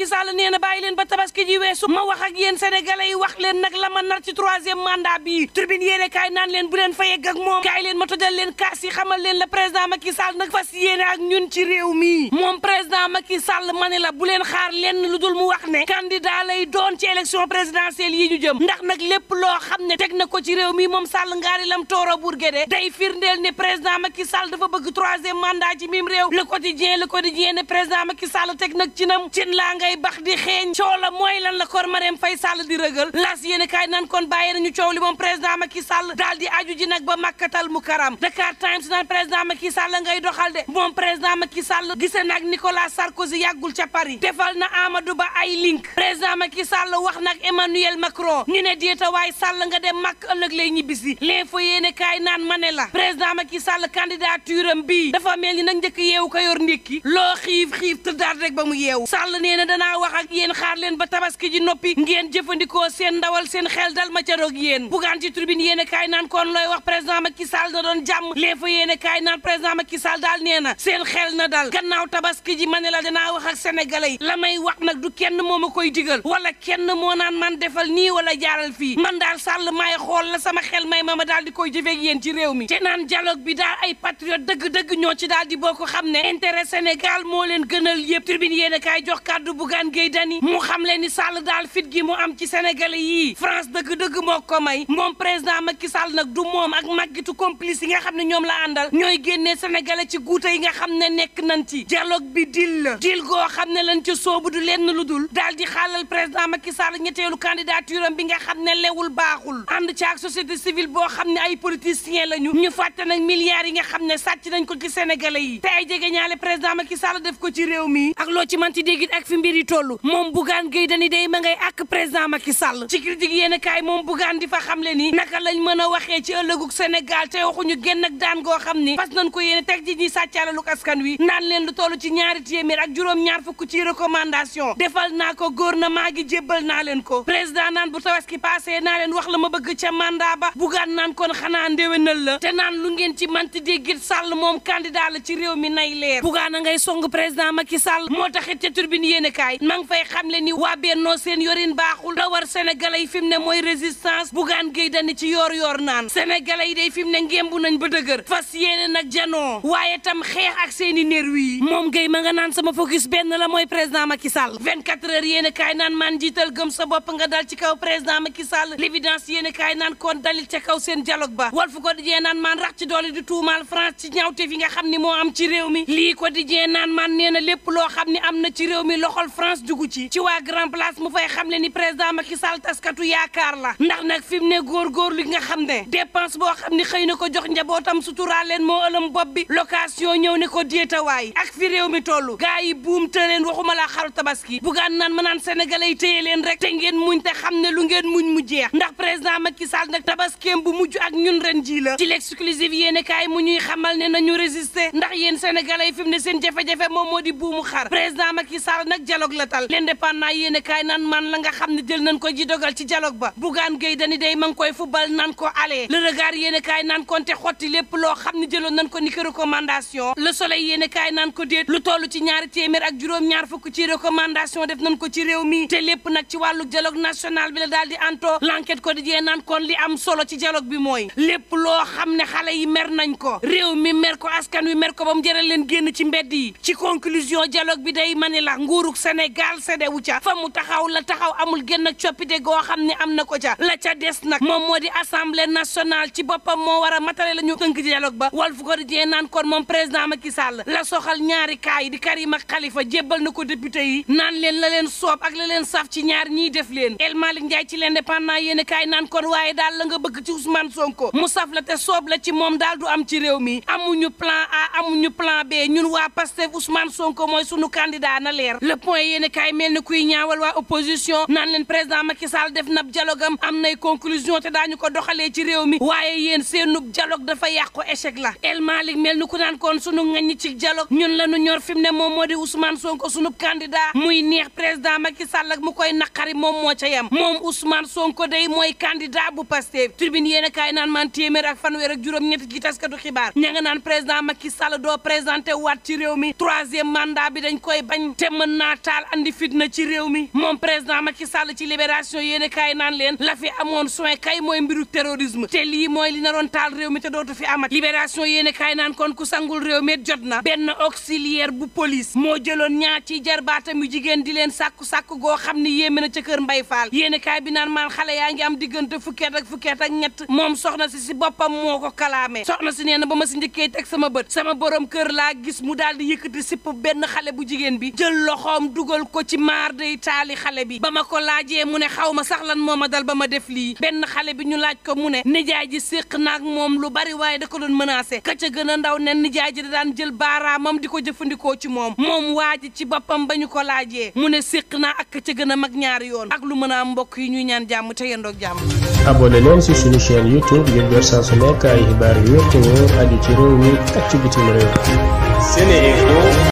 Macky Sall nee na bàyyi leen ba tabaski ji weesu ma wax ak yéen sénégalais yi wax leen nag la ma nar ci troisième mandat bi tribune yéene kaay naan leen bu leen fa yegg ak moom kaay ma tojal leen kaas yi xamal leen la président Macky Sall nag fas yéene ak ñun ci réew mi moom président Macky Sall ma ne la bu leen xaar lenn lu dul mu wax ne candidat lay doon ci élection présidentielle yi ñu jëm ndax nag lépp loo xam ne teg na ko ci réew mi moom Sall ngaari ngay bax di xeeñ coow la mooy lan la kor Marème Faye Sall di rëgal las yéen kaay nan kon bàyyi nañu coow li moom président Macky Sall daal di aju ji nag ba màkkatal mu karam Dakar Times naan président Macky Sall ngay doxal de moom président Macky Sall gise nag Nicolas Sarkozy yàggul ca Paris defal na Amadou Ba ay link président Macky Sall wax nag Emmanuel Macron ñu ne dieta waay Sall nga dem màkk ëllëg lay ñibbisi l'info yéene kaay naan ma ne la président Macky Sall candidature am bii dafa mel ni nag njëkk yeewu ko yor ndékki loo xiif xiif tëddaat rek ba mu yeewu Sall nee na danaa wax ak yéen xaar leen ba tabaski ji noppi ngeen jëfandikoo seen ndawal seen xel dal ma ca roog yéen bugaan ci tribune yéen a kaay naan kon looy wax président Macky Sall na doon jàmm lee fa yéen a kaay naan président Macky Sall daal nee na seen xel na dal gannaaw tabaski ji ma ne la danaa wax ak sénégalais yi la may wax nag du kenn moo ma koy digal wala kenn moo naan man defal nii wala jaaral fii man daal Sall maay xool la sama xel may ma ma daal di koy jëfee ak yéen ci mi te naan dialogue bi daal ay patriote dëgg-dëgg ñoo ci daal di boo ko xam ne intérêt Sénégal moo leen gënal yëpp tribune yéen Bougane Gueye Dany xam leen ni Sall daal fit gi mu am ci sénégalais yii France dëgg-dëgg moo ko may moom président Macky Sall nag du moom ak màggitu complice yi nga xam ne ñoom la àndal ñooy génnee sénégalais ci guute yi nga xam ne nekk nañ ci dialogue bi dil la dil goo xam ne lañ ca soobu du lenn lu dul daal di xaalal président Macky Sall ñetteelu candidature am bi nga xam ne lewul baaxul ànd ci ak société civile boo xam ne ay politiciens lañu ñu fàtte nag milliards yi nga xam ne sàcc nañ ko ci sénégalais yi te ay jege ñaale président Macky Sall ko ci réew mi yi toll moom Bougane Gueye Dany day ma ngay ak président Macky Sall ci critique yéen kaay moom Bougane di fa xamle ni naka lañ mën a waxee ci ëllëgug Sénégal te waxuñu génn ak daan goo xam ni fas nañ ko yéene teg ji ñi sàccaalalu askan wi naan leen lu toll ci ñaari téeméer ak juróom-ñaar fukk ci recommandation defal naa ko gouvernement gi jébbal naa leen ko président naan bu tabaski passé naa leen wax la ma bëgg ca mandat ba Bougane naan kon xanaa ndéwénal la te naan lu ngeen ci manti déggit Sall moom mi nay leer Bougane a ngay song président Macky Ndiaye ma ngi fay xamle ni waa Bennoo seen yorin baaxul la war sénégalais yi fi mu ne mooy résistance Bougane Gueye Dany ci yoor yoor naan sénégalais yi dey fi mu ne ngembu nañ ba dëgër fas yéene nag janoo waaye tam xeex ak seen i nerwi yi moom Gueye ma nga naan sama focus benn la mooy président Macky Sall 24 heures yéen a kaay naan maan jiital gëm sa bopp nga dal ci kaw président Macky Sall l'évidence yéen a kaay naan kon dalil ca kaw seen dialogue ba Walf Quotidien naan maan rax ci doole di tuumaal France ci ñaawte nga xam ni moo am ci réew mi lii Quotidien naan maan nee na lépp loo xam ni am na ci réew mi loxol France dugg ci ci waa grand place mu fay xam le ni président Macky Sall taskatu yaakaar la ndax nag fi mu ne góorgóorlu nga xam ne dépense boo xam ni xëy na ko jox njabootam suturaa leen moo ëlëm bopp bi location ñëw ne ko déetawaay ak fi réew mi toll gars yi buum te leen waxuma laa xaru tabaski bugaan naan ma naan sénégalais yi téye leen rek te ngeen muñ te xam ne lu ngeen muñ mu jeex ndax président Macky Sall nag tabaskeem bu mujj ak ñun ren jii la ci l'exclusive yéene kaay mu ñuy xamal ne nañu résister mu seen jafe-jafe moom moo di buumu xar président Macky Sall nag dialogue dialogue la tal l'indépendant yéene kaay naan man la nga xam ne jël nañ ko ji dogal ci dialogue ba Bougane Gueye Dany day ma ngi koy fubal nan ko alee le regard yéene kaay naan konte xotti lépp loo xam ne jëloon nañ ko ni ki recommandation le soleil yéene naan ko déet lu toll ci ñaari téeméer ak juróom-ñaar fukk ci recommandation def nañ ko ci réew mi te lépp nag ci wàllu dialogue national bi la daal di anto l'enquête quotidien naan kon li am solo ci dialogue bi mooy lépp loo xam ne xale yi mer nañ ko réew mi mer ko askan wi mer ko ba mu jëral leen génn ci mbedd yi ci Sénégal sedewu ca fa mu taxaw la taxaw amul génn ak goo xam ne am na ko ca la ca des nag moom moo di assemblée nationale ci boppam moo war a matale la ba tënk dialogue ba Walf Quotidien naan kon moom président Macky Sall la soxal ñaari kaay yi di Karim ak Khalifa jébbal na ko député yi naan leen la leen soob ak la leen saf ci ñaar ñiy def leen El Malick Ndiaye ci l'Indépendant yéen kaay naan kon waaye daal la nga bëgg ci Ousmane Sonko mu saf la te moom am ci réew mi amuñu plan A amuñu plan B ñun waa Pastef Ousmane Sonko mooy sunu Témoin yéen i kaay mel ni kuy ñaawal waa opposition naan leen président Macky def nab dialogue am am nay conclusion te daañu ko doxalee ci réew mi waaye yéen seenub dialogue dafa yàqu échec la El Malick mel ni ku naan kon sunu ŋaññi ci dialogue ñun la ñu ñor fi mu ne moom moo di Ousmane Sonko sunub candidat muy neex président Macky Sall ak mu koy naqari moom moo ca yem moom Ousmane Sonko day mooy candidat bu Pastef tribune yéen a kaay naan man téeméer ak fanweer ak juróom ñett ci taskatu xibaar ña nga naan président Macky Sall doo présenté waat ci réew mi troisième mandat bi dañ koy bañ te mën naa taal andi fitna ci réew mi moom président Macky Sall ci libération yéen kaay naan leen la fi amoon soin kay mooy mbiru terrorisme te lii mooy li naroon taal réew mi te dootu fi amat libération yéen kaay naan kon ku sangul réew mi jot na benn auxiliaire bu police moo jëloon ñaar ci jarbaatam yu jigéen di leen sàkku sàkku goo xam ni yéeme na ca kër Mbay Faal yéen kaay bi naan maan xale yaa ngi am diggante fukkeet ak fukkeet ak ñett moom soxna si si boppam moo ko kalaamee soxna si nee na ba ma si njëkkee teg sama bët sama borom kër laa gis mu daal di yëkkati sipp benn xale bu jigéen bi jël dugal ko ci maar day taali xale bi ba ma ko laajee mu ne xaw ma sax lan moo ma dal ba ma def lii benn xale bi ñu laaj ko mu ne nijaay ji séq naag moom lu bari waaye da ko doon menacé ka ca gën a ndaw ne nijaay ji da daan jël baaraamam di ko jëfandikoo ci moom moom waa ji ci boppam ba ñu ko laajee mu ne séq na ak ka ca gën a mag ñaari yoon ak lu mën a am mbokk yi ñuy ñaan jàmm te yendoog jàmm abonné leen ci suñu chaîne youtube ngir jot saa su nekk ay ci réew mi ak